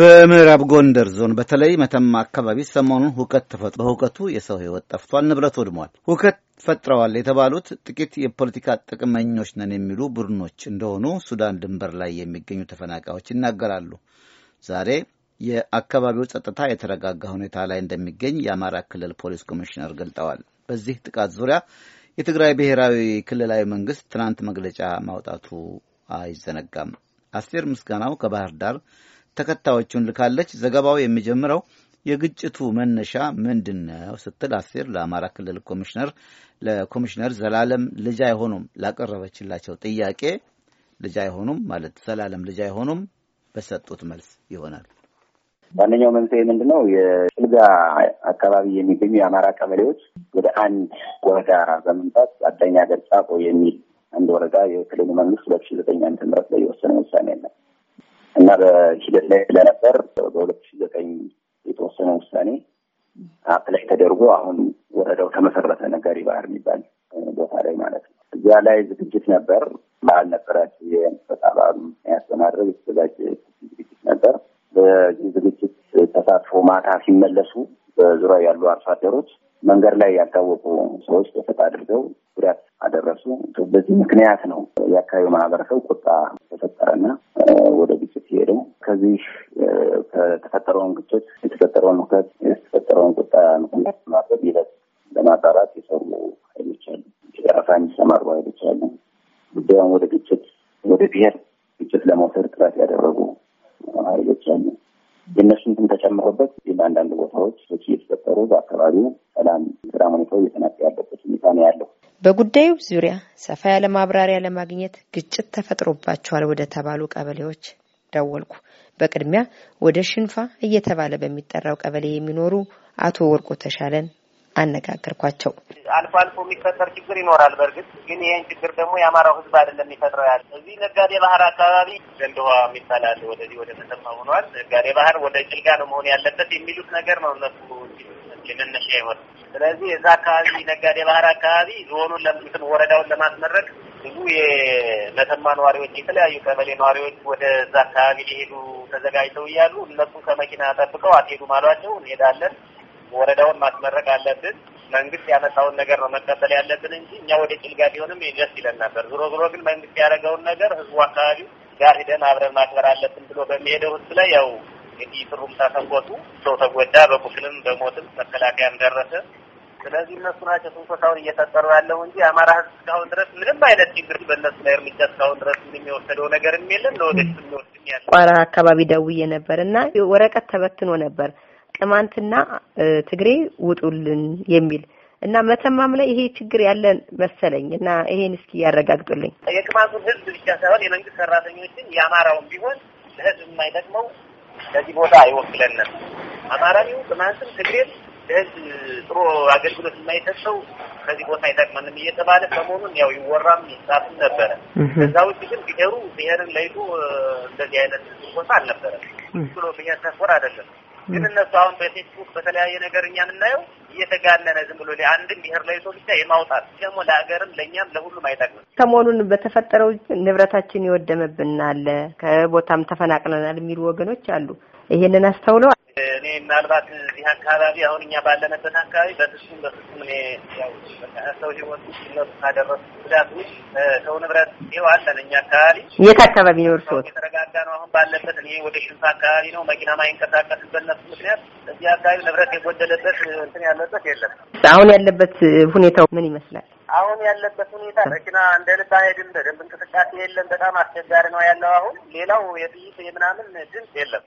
በምዕራብ ጎንደር ዞን በተለይ መተማ አካባቢ ሰሞኑን ሁከት ተፈጥ በሁከቱ የሰው ሕይወት ጠፍቷል፣ ንብረት ወድሟል። ሁከት ፈጥረዋል የተባሉት ጥቂት የፖለቲካ ጥቅመኞች ነን የሚሉ ቡድኖች እንደሆኑ ሱዳን ድንበር ላይ የሚገኙ ተፈናቃዮች ይናገራሉ። ዛሬ የአካባቢው ጸጥታ የተረጋጋ ሁኔታ ላይ እንደሚገኝ የአማራ ክልል ፖሊስ ኮሚሽነር ገልጠዋል። በዚህ ጥቃት ዙሪያ የትግራይ ብሔራዊ ክልላዊ መንግስት ትናንት መግለጫ ማውጣቱ አይዘነጋም። አስቴር ምስጋናው ከባህር ዳር ተከታዮቹን ልካለች። ዘገባው የሚጀምረው የግጭቱ መነሻ ምንድን ነው ስትል አስቴር ለአማራ ክልል ኮሚሽነር ለኮሚሽነር ዘላለም ልጅ አይሆኑም ላቀረበችላቸው ጥያቄ ልጅ አይሆኑም ማለት ዘላለም ልጅ አይሆኑም በሰጡት መልስ ይሆናል። ዋነኛው መንስኤ ምንድን ነው? የጭልጋ አካባቢ የሚገኙ የአማራ ቀበሌዎች ወደ አንድ ወረዳ በመምጣት አዳኝ ሀገር ጫቆ የሚል አንድ ወረዳ የክልሉ መንግስት ሁለት ሺ ዘጠኝ አንድ ምረት ላይ የወሰነ ውሳኔ አለ እና በሂደት ላይ ስለነበር በሁለት ሺ ዘጠኝ የተወሰነ ውሳኔ አፕ ላይ ተደርጎ አሁን ወረዳው ተመሰረተ። ነጋሪ ባህር የሚባል ቦታ ላይ ማለት ነው። እዚያ ላይ ዝግጅት ነበር። በዓል ነበራቸው የመጠጣ በዓሉ ምክንያት የተዘጋጀ ዝግጅት ተሳትፎ ማታ ሲመለሱ በዙሪያ ያሉ አርሶ አደሮች መንገድ ላይ ያልታወቁ ሰዎች ተፈጥ አድርገው ጉዳት አደረሱ። በዚህ ምክንያት ነው የአካባቢው ማህበረሰብ ቁጣ ተፈጠረና ወደ ግጭት ሄደው ከዚህ ከተፈጠረውን ግጭት የተፈጠረውን ሁከት የተፈጠረውን ቁጣ ምክንያት ማድረግ ሂደት ለማጣራት በጉዳዩ ዙሪያ ሰፋ ያለ ማብራሪያ ለማግኘት ግጭት ተፈጥሮባቸዋል ወደ ተባሉ ቀበሌዎች ደወልኩ። በቅድሚያ ወደ ሽንፋ እየተባለ በሚጠራው ቀበሌ የሚኖሩ አቶ ወርቆ ተሻለን አነጋገርኳቸው። አልፎ አልፎ የሚፈጠር ችግር ይኖራል። በእርግጥ ግን ይህን ችግር ደግሞ የአማራው ሕዝብ አይደለም የሚፈጥረው ያለ እዚህ ነጋዴ ባህር አካባቢ ዘንድ የሚባላል ወደዚህ ወደ ተሰማ ሆኗል። ነጋዴ ባህር ወደ ጭልጋ ነው መሆን ያለበት የሚሉት ነገር ነው እነሱ የመነሻ ይሆን። ስለዚህ የዛ አካባቢ ነጋዴ ባህር አካባቢ ዞኑን ለምትን ወረዳውን ለማስመረቅ ብዙ የመተማ ነዋሪዎች የተለያዩ ቀበሌ ነዋሪዎች ወደዛ አካባቢ ሊሄዱ ተዘጋጅተው እያሉ እነሱ ከመኪና ጠብቀው አትሄዱም አሏቸው። እንሄዳለን፣ ወረዳውን ማስመረቅ አለብን፣ መንግስት ያመጣውን ነገር ነው መቀበል ያለብን እንጂ እኛ ወደ ጭልጋ ቢሆንም ደስ ይለን ነበር። ዞሮ ዞሮ ግን መንግስት ያደረገውን ነገር ህዝቡ አካባቢ ጋር ሂደን አብረን ማክበር አለብን ብሎ በሚሄደው ህዝብ ላይ ያው እንግዲህ ትሩምታ ተንኮቱ ሰው ተጎዳ፣ በቁስልም በሞትም መከላከያም ደረሰ። ስለዚህ እነሱ ናቸው ትንኮሳውን እየፈጠሩ ያለው እንጂ አማራ ህዝብ እስካሁን ድረስ ምንም አይነት ችግር በእነሱ ላይ እርምጃ እስካሁን ድረስ ምንም የወሰደው የለም። ለወደፊት የሚወስድ ያለ ቋራ አካባቢ ደውዬ ነበር እና ወረቀት ተበትኖ ነበር ቅማንትና ትግሬ ውጡልን የሚል እና መተማም ላይ ይሄ ችግር ያለን መሰለኝ እና ይሄን እስኪ ያረጋግጡልኝ። የቅማንቱን ህዝብ ብቻ ሳይሆን የመንግስት ሰራተኞችን የአማራውን ቢሆን ለህዝብ የማይጠቅመው ለዚህ ቦታ አይወክለንም። አማራሪው ቅማንትም ትግሬም ለህዝብ ጥሩ አገልግሎት የማይሰጠው ከዚህ ቦታ አይጠቅመንም እየተባለ ሰሞኑን ያው ይወራም ይጻፍም ነበረ። ከዛ ውጭ ግን ብሔሩ ብሔርን ለይቶ እንደዚህ አይነት ቦታ አልነበረም። ብሎ ብሔር ተኮር አይደለም። ግን እነሱ አሁን በፌስቡክ በተለያየ ነገር እኛ የምናየው እየተጋነነ ዝም ብሎ አንድም ብሄር ላይ ሰው ብቻ የማውጣት ደግሞ ለሀገርም ለእኛም ለሁሉም አይጠቅምም። ሰሞኑን በተፈጠረው ንብረታችን ይወደመብናል፣ ከቦታም ተፈናቅለናል የሚሉ ወገኖች አሉ። ይሄንን አስተውለው እኔ ምናልባት እዚህ አካባቢ አሁን እኛ ባለንበት አካባቢ በፍጹም በፍጹም እኔ ያው ሰው ህይወት ሲመጡ ካደረሱ ጉዳት ውስጥ ሰው ንብረት ይኸው አለን እኛ አካባቢ። የት አካባቢ ነው እርስዎት? የተረጋጋ ነው አሁን ባለበት። እኔ ወደ ሽንፋ አካባቢ ነው መኪና ማይንቀሳቀስበት በነሱ ምክንያት እዚህ አካባቢ ንብረት የጎደለበት እንትን ያለበት የለም። አሁን ያለበት ሁኔታው ምን ይመስላል? አሁን ያለበት ሁኔታ መኪና እንደ ልብ አይሄድም። በደንብ እንቅስቃሴ የለም። በጣም አስቸጋሪ ነው ያለው አሁን። ሌላው የጥይት የምናምን ድምፅ የለም።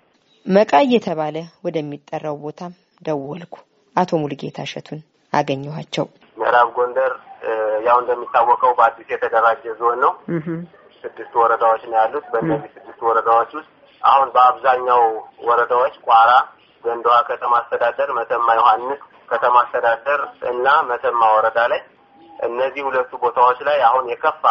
መቃ እየተባለ ወደሚጠራው ቦታ ደወልኩ። አቶ ሙልጌታ እሸቱን አገኘኋቸው። ምዕራብ ጎንደር ያው እንደሚታወቀው በአዲስ የተደራጀ ዞን ነው። ስድስት ወረዳዎች ነው ያሉት። በእነዚህ ስድስት ወረዳዎች ውስጥ አሁን በአብዛኛው ወረዳዎች ቋራ፣ ገንዳዋ ከተማ አስተዳደር፣ መተማ ዮሐንስ ከተማ አስተዳደር እና መተማ ወረዳ ላይ እነዚህ ሁለቱ ቦታዎች ላይ አሁን የከፋ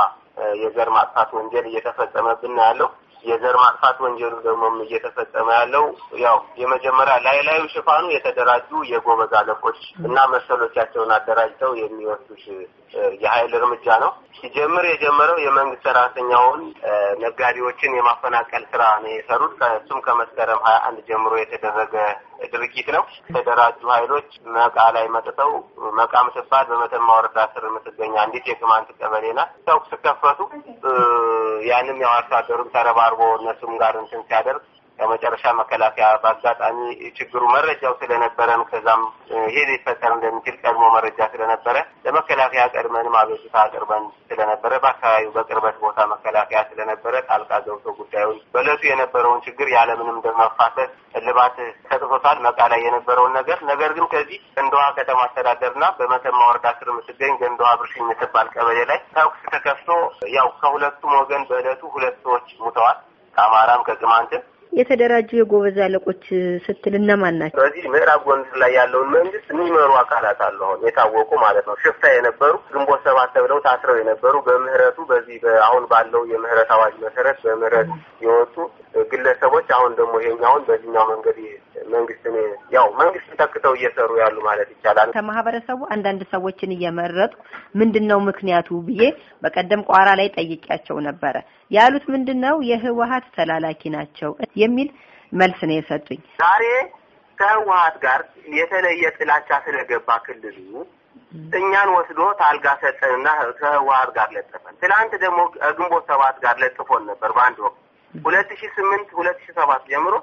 የዘር ማጥፋት ወንጀል እየተፈጸመብን ነው ያለው። የዘር ማጥፋት ወንጀሉ ደግሞ እየተፈጸመ ያለው ያው የመጀመሪያ ላይ ላዩ ሽፋኑ የተደራጁ የጎበዝ አለቆች እና መሰሎቻቸውን አደራጅተው የሚወስዱት የሀይል እርምጃ ነው። ሲጀምር የጀመረው የመንግስት ሰራተኛውን ነጋዴዎችን የማፈናቀል ስራ ነው የሰሩት። ከእሱም ከመስከረም ሀያ አንድ ጀምሮ የተደረገ ድርጊት ነው። የተደራጁ ኃይሎች መቃ ላይ መጥተው መቃ ምትባል በመተማ ወረዳ ስር የምትገኝ አንዲት የቅማንት ቀበሌ ናት። ተኩስ ከፈቱ። ያንም ያው አርሶ አደሩም ተረባርቦ እነሱም ጋር እንትን ሲያደርግ በመጨረሻ መከላከያ በአጋጣሚ ችግሩ መረጃው ስለነበረን ከዛም ይሄ ሊፈጠር እንደሚችል ቀድሞ መረጃ ስለነበረ ለመከላከያ ቀድመንም አቤቱታ አቅርበን ስለነበረ በአካባቢው በቅርበት ቦታ መከላከያ ስለነበረ ጣልቃ ገብቶ ጉዳዩን በእለቱ የነበረውን ችግር ያለምንም ደም እልባት ሰጥቶታል። መቃ ላይ የነበረውን ነገር ነገር ግን ከዚህ ገንዳዋ ከተማ አስተዳደርና በመተማ ወረዳ ስር የምትገኝ ገንደዋ ብርሽ የምትባል ቀበሌ ላይ ተኩስ ተከፍቶ ያው ከሁለቱም ወገን በእለቱ ሁለት ሰዎች ሙተዋል። ከአማራም ከቅማንትም የተደራጁ የጎበዝ አለቆች ስትል እነማን ናቸው? በዚህ ምዕራብ ጎንደር ላይ ያለውን መንግስት የሚመሩ አካላት አሉ። አሁን የታወቁ ማለት ነው። ሽፍታ የነበሩ ግንቦት ሰባት ተብለው ታስረው የነበሩ በምህረቱ በዚህ አሁን ባለው የምህረት አዋጅ መሰረት በምህረት የወጡ ግለሰቦች አሁን ደግሞ ይሄኛውን በዚህኛው መንገድ መንግስትን ያው መንግስትን ተክተው እየሰሩ ያሉ ማለት ይቻላል። ከማህበረሰቡ አንዳንድ ሰዎችን እየመረጡ ምንድን ነው ምክንያቱ ብዬ በቀደም ቋራ ላይ ጠይቂያቸው ነበረ። ያሉት ምንድን ነው የህወሀት ተላላኪ ናቸው የሚል መልስ ነው የሰጡኝ። ዛሬ ከህወሀት ጋር የተለየ ጥላቻ ስለገባ ክልሉ እኛን ወስዶ ታልጋ ሰጠንና ከህወሀት ጋር ለጠፈን። ትላንት ደግሞ ግንቦት ሰባት ጋር ለጥፎን ነበር በአንድ ወቅት ሁለት ሺ ስምንት ሁለት ሺ ሰባት ጀምሮ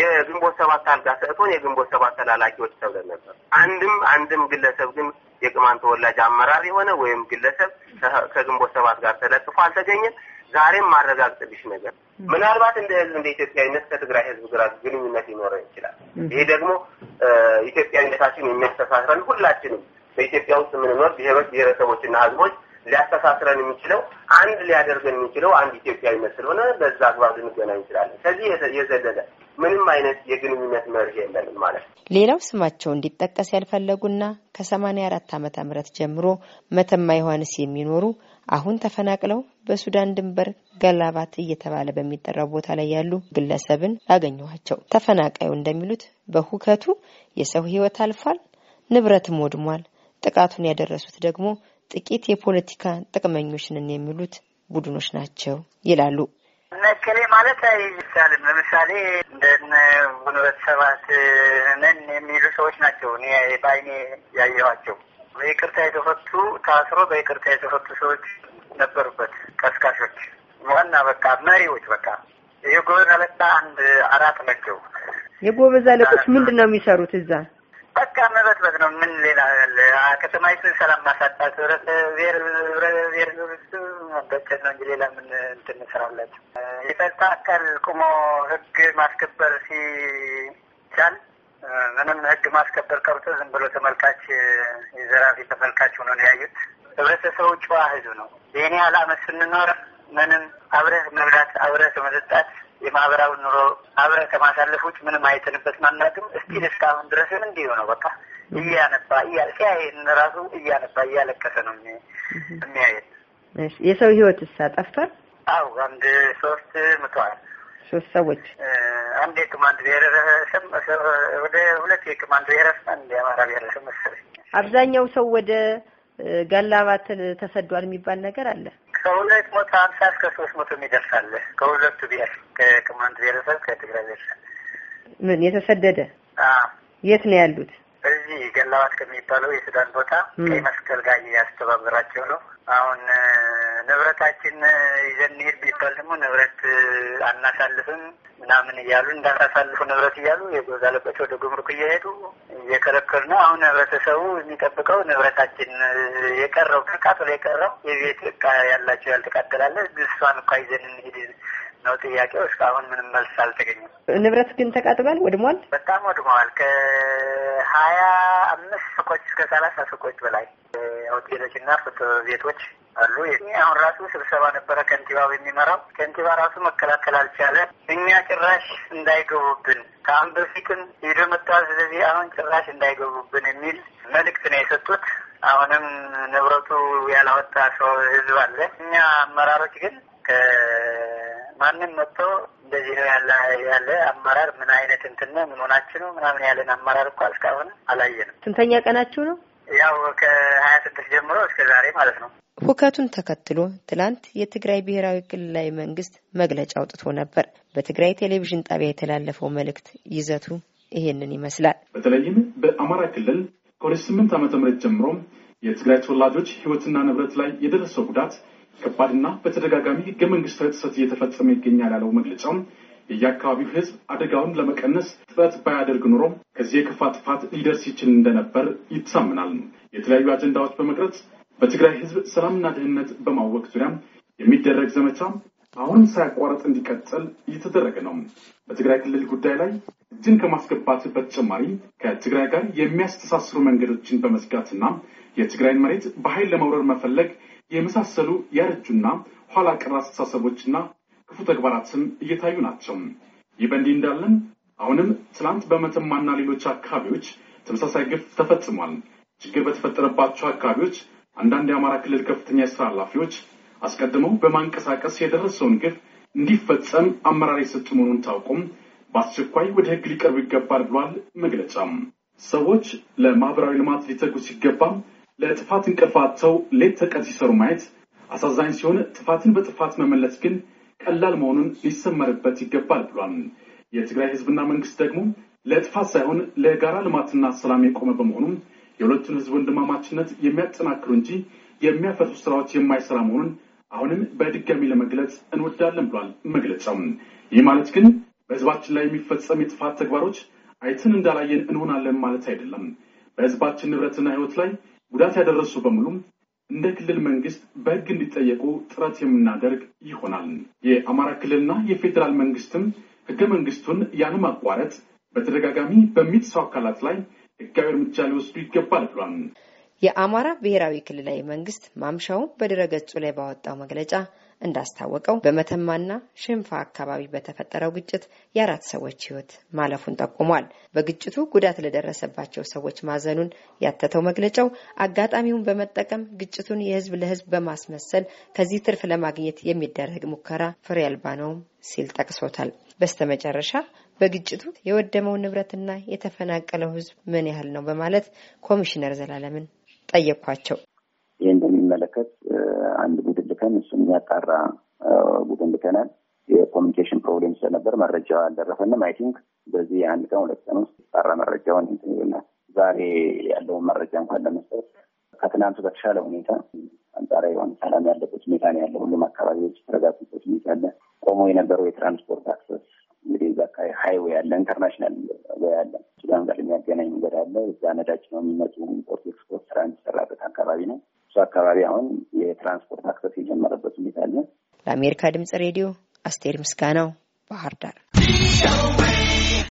የግንቦት ሰባት አልጋ ሰጥቶን የግንቦት ሰባት ተላላኪዎች ተብለን ነበር። አንድም አንድም ግለሰብ ግን የቅማን ተወላጅ አመራር የሆነ ወይም ግለሰብ ከግንቦት ሰባት ጋር ተለጥፎ አልተገኘም። ዛሬም ማረጋግጥልሽ ነገር ምናልባት እንደ ህዝብ እንደ ኢትዮጵያዊነት ከትግራይ ህዝብ ግራ ግንኙነት ሊኖረን ይችላል። ይሄ ደግሞ ኢትዮጵያዊነታችን የሚያስተሳስረን ሁላችንም በኢትዮጵያ ውስጥ የምንኖር ብሔሮች፣ ብሔረሰቦችና ህዝቦች ሊያስተሳስረን የሚችለው አንድ ሊያደርገን የሚችለው አንድ ኢትዮጵያዊነት ስለሆነ በዛ አግባብ ልንገናኝ እንችላለን። ከዚህ የዘለለ ምንም አይነት የግንኙነት መርህ የለንም ማለት ነው። ሌላው ስማቸው እንዲጠቀስ ያልፈለጉና ከሰማኒያ አራት ዓመተ ምህረት ጀምሮ መተማ ዮሐንስ የሚኖሩ አሁን ተፈናቅለው በሱዳን ድንበር ገላባት እየተባለ በሚጠራው ቦታ ላይ ያሉ ግለሰብን ላገኘኋቸው። ተፈናቃዩ እንደሚሉት በሁከቱ የሰው ህይወት አልፏል፣ ንብረትም ወድሟል። ጥቃቱን ያደረሱት ደግሞ ጥቂት የፖለቲካ ጥቅመኞች ነን የሚሉት ቡድኖች ናቸው ይላሉ። እከሌ ማለት አይቻልም። ለምሳሌ እንደ ጉንበት ሰባት ነን የሚሉ ሰዎች ናቸው እኔ በአይኔ ያየኋቸው። በይቅርታ የተፈቱ ታስሮ በይቅርታ የተፈቱ ሰዎች ነበሩበት። ቀስቃሾች፣ ዋና በቃ መሪዎች፣ በቃ የጎበዝ አለቃ አንድ አራት ናቸው። የጎበዝ አለቆች ምንድን ነው የሚሰሩት እዛ በቃ መበጥበጥ ነው። ምን ሌላ ያለ ከተማይቱን ሰላም ማሳጣት ብሔር መበቸት ነው እንጂ ሌላ ምን እንትን እንሰራላቸው። የጸጥታ አካል ቁሞ ህግ ማስከበር ሲቻል ምንም ህግ ማስከበር ቀርቶ ዝም ብሎ ተመልካች የዘራፊ ተመልካች ሆኖ ነው ያዩት። ህብረተሰቡ ጨዋ ህዝብ ነው። የእኔ ያህል ስንኖር ምንም አብረህ መብላት አብረህ መጠጣት የማህበራዊ ኑሮ አብረን ከማሳለፎች ምንም አይተንበት ማናቅም እስቲል እስካሁን ድረስም እንዲሁ ነው። በቃ እያነባ እያልቀ ይህን ራሱ እያነባ እያለቀሰ ነው የሚያየት። የሰው ህይወት እሳ ጠፍቷል። አው አንድ ሶስት ምቷል። ሶስት ሰዎች አንድ የቅማንት ብሔረሰብ ወደ ሁለት የቅማንት ብሔረሰብ አንድ የአማራ ብሔረሰብ መሰለኝ። አብዛኛው ሰው ወደ ጋላባትን ተሰዷል የሚባል ነገር አለ። ከሁለት መቶ ሀምሳ እስከ ሶስት መቶ አለ። ከሁለቱ ብሔር ከቅማንት ብሔረሰብ ከትግራይ ብሔረሰብ ምን የተሰደደ የት ነው ያሉት? እዚህ ገላዋት ከሚባለው የሱዳን ቦታ ቀይ መስቀል ጋር እያስተባበራቸው ነው አሁን ንብረታችን ይዘን እንሄድ ቢባል ደግሞ ንብረት አናሳልፍም ምናምን እያሉ እንዳናሳልፉ ንብረት እያሉ የጎዛ አለቆች ወደ ጉምሩክ እየሄዱ እየከለከሉ ነው። አሁን ህብረተሰቡ የሚጠብቀው ንብረታችን የቀረው ተቃጥሎ የቀረው የቤት እቃ ያላቸው ያልተቃጠላለ እሷን እኳ ይዘን እንሄድ ነው ጥያቄው። እስካሁን ምንም መልስ አልተገኘም። ንብረት ግን ተቃጥሏል፣ ወድሟል፣ በጣም ወድመዋል። ከሀያ አምስት ሱቆች እስከ ሰላሳ ሱቆች በላይ ሆቴሎች እና ፎቶ ቤቶች አሉ። አሁን ራሱ ስብሰባ ነበረ ከንቲባው የሚመራው ከንቲባ ራሱ መከላከል አልቻለ። እኛ ጭራሽ እንዳይገቡብን ከአሁን በፊትም ሄዶ መጥተዋል። ስለዚህ አሁን ጭራሽ እንዳይገቡብን የሚል መልእክት ነው የሰጡት። አሁንም ንብረቱ ያላወጣ ሰው ህዝብ አለ። እኛ አመራሮች ግን ከማንም መጥቶ እንደዚህ ነው ያለ ያለ አመራር ምን አይነት እንትን ነው ምን ሆናችሁ ነው ምናምን ያለን አመራር እኮ እስካሁን አላየንም። ስንተኛ ቀናችሁ ነው? ያው ከሀያ ስድስት ጀምሮ እስከ ዛሬ ማለት ነው። ሁከቱን ተከትሎ ትላንት የትግራይ ብሔራዊ ክልላዊ መንግስት መግለጫ አውጥቶ ነበር። በትግራይ ቴሌቪዥን ጣቢያ የተላለፈው መልእክት ይዘቱ ይሄንን ይመስላል። በተለይም በአማራ ክልል ከወደ ስምንት ዓመተ ምህረት ጀምሮ የትግራይ ተወላጆች ህይወትና ንብረት ላይ የደረሰው ጉዳት ከባድና በተደጋጋሚ ህገ መንግስታዊ ጥሰት እየተፈጸመ ይገኛል ያለው መግለጫው የየአካባቢው ህዝብ አደጋውን ለመቀነስ ጥረት ባያደርግ ኑሮ ከዚህ የከፋ ጥፋት ሊደርስ ይችል እንደነበር ይታምናል። የተለያዩ አጀንዳዎች በመቅረጽ በትግራይ ህዝብ ሰላምና ደህንነት በማወቅ ዙሪያ የሚደረግ ዘመቻ አሁንም ሳያቋረጥ እንዲቀጥል እየተደረገ ነው። በትግራይ ክልል ጉዳይ ላይ እጅን ከማስገባት በተጨማሪ ከትግራይ ጋር የሚያስተሳስሩ መንገዶችን በመዝጋትና የትግራይን መሬት በኃይል ለመውረር መፈለግ የመሳሰሉ ያረጁና ኋላ ቀር አስተሳሰቦችና ክፉ ተግባራትም እየታዩ ናቸው። ይህ በእንዲህ እንዳለን አሁንም ትናንት በመተማና ሌሎች አካባቢዎች ተመሳሳይ ግፍ ተፈጽሟል። ችግር በተፈጠረባቸው አካባቢዎች አንዳንድ የአማራ ክልል ከፍተኛ የስራ ኃላፊዎች አስቀድመው በማንቀሳቀስ የደረሰውን ግፍ እንዲፈጸም አመራር የሰጡ መሆኑን ታውቁም በአስቸኳይ ወደ ህግ ሊቀርቡ ይገባል ብሏል። መግለጫም ሰዎች ለማህበራዊ ልማት ሊተጉ ሲገባም ለጥፋት እንቅልፍ ሌት ተቀን ሲሰሩ ማየት አሳዛኝ ሲሆን፣ ጥፋትን በጥፋት መመለስ ግን ቀላል መሆኑን ሊሰመርበት ይገባል ብሏል። የትግራይ ህዝብና መንግስት ደግሞ ለጥፋት ሳይሆን ለጋራ ልማትና ሰላም የቆመ በመሆኑም የሁለቱን ህዝብ ወንድማማችነት የሚያጠናክሩ እንጂ የሚያፈሱ ስራዎች የማይሰራ መሆኑን አሁንም በድጋሚ ለመግለጽ እንወዳለን ብሏል መግለጫው። ይህ ማለት ግን በህዝባችን ላይ የሚፈጸም የጥፋት ተግባሮች አይተን እንዳላየን እንሆናለን ማለት አይደለም። በህዝባችን ንብረትና ህይወት ላይ ጉዳት ያደረሱ በሙሉም እንደ ክልል መንግስት በህግ እንዲጠየቁ ጥረት የምናደርግ ይሆናል። የአማራ ክልልና የፌዴራል መንግስትም ህገ መንግስቱን ያለማቋረጥ በተደጋጋሚ በሚጥሱ አካላት ላይ ሕጋዊ እርምጃ ሊወስዱ ይገባል ብሏል። የአማራ ብሔራዊ ክልላዊ መንግስት ማምሻውን በድረገጹ ላይ ባወጣው መግለጫ እንዳስታወቀው በመተማና ሽንፋ አካባቢ በተፈጠረው ግጭት የአራት ሰዎች ህይወት ማለፉን ጠቁሟል። በግጭቱ ጉዳት ለደረሰባቸው ሰዎች ማዘኑን ያተተው መግለጫው አጋጣሚውን በመጠቀም ግጭቱን የህዝብ ለህዝብ በማስመሰል ከዚህ ትርፍ ለማግኘት የሚደረግ ሙከራ ፍሬ አልባ ነው ሲል ጠቅሶታል። በስተመጨረሻ በግጭቱ የወደመው ንብረትና የተፈናቀለው ህዝብ ምን ያህል ነው በማለት ኮሚሽነር ዘላለምን ጠየኳቸው። ይህ እንደሚመለከት አንድ ቡድን ልከን እሱን የሚያጣራ ቡድን ልከናል። የኮሚኒኬሽን ፕሮብሌም ስለነበር መረጃ አልደረሰንም። አይ ቲንክ በዚህ አንድ ቀን ሁለት ቀን ውስጥ ጣራ መረጃውን እንትን ይሆናል። ዛሬ ያለውን መረጃ እንኳን ለመስጠት ከትናንቱ በተሻለ ሁኔታ አንጻራዊ የሆነ ሰላም ያለበት ሁኔታ ነው ያለ። ሁሉም አካባቢዎች የተረጋጉበት ሁኔታ አለ። ቆሞ የነበረው የትራንስፖርት ሀይዌ ያለ ኢንተርናሽናል ወይ አለ ሱዳን ጋር የሚያገናኝ መንገድ አለ። እዛ ነዳጅ ነው የሚመጡ ኢምፖርት ኤክስፖርት ስራ የሚሰራበት አካባቢ ነው። እሱ አካባቢ አሁን የትራንስፖርት አክሰስ የጀመረበት ሁኔታ አለ። ለአሜሪካ ድምጽ ሬዲዮ አስቴር ምስጋናው ባህር ዳር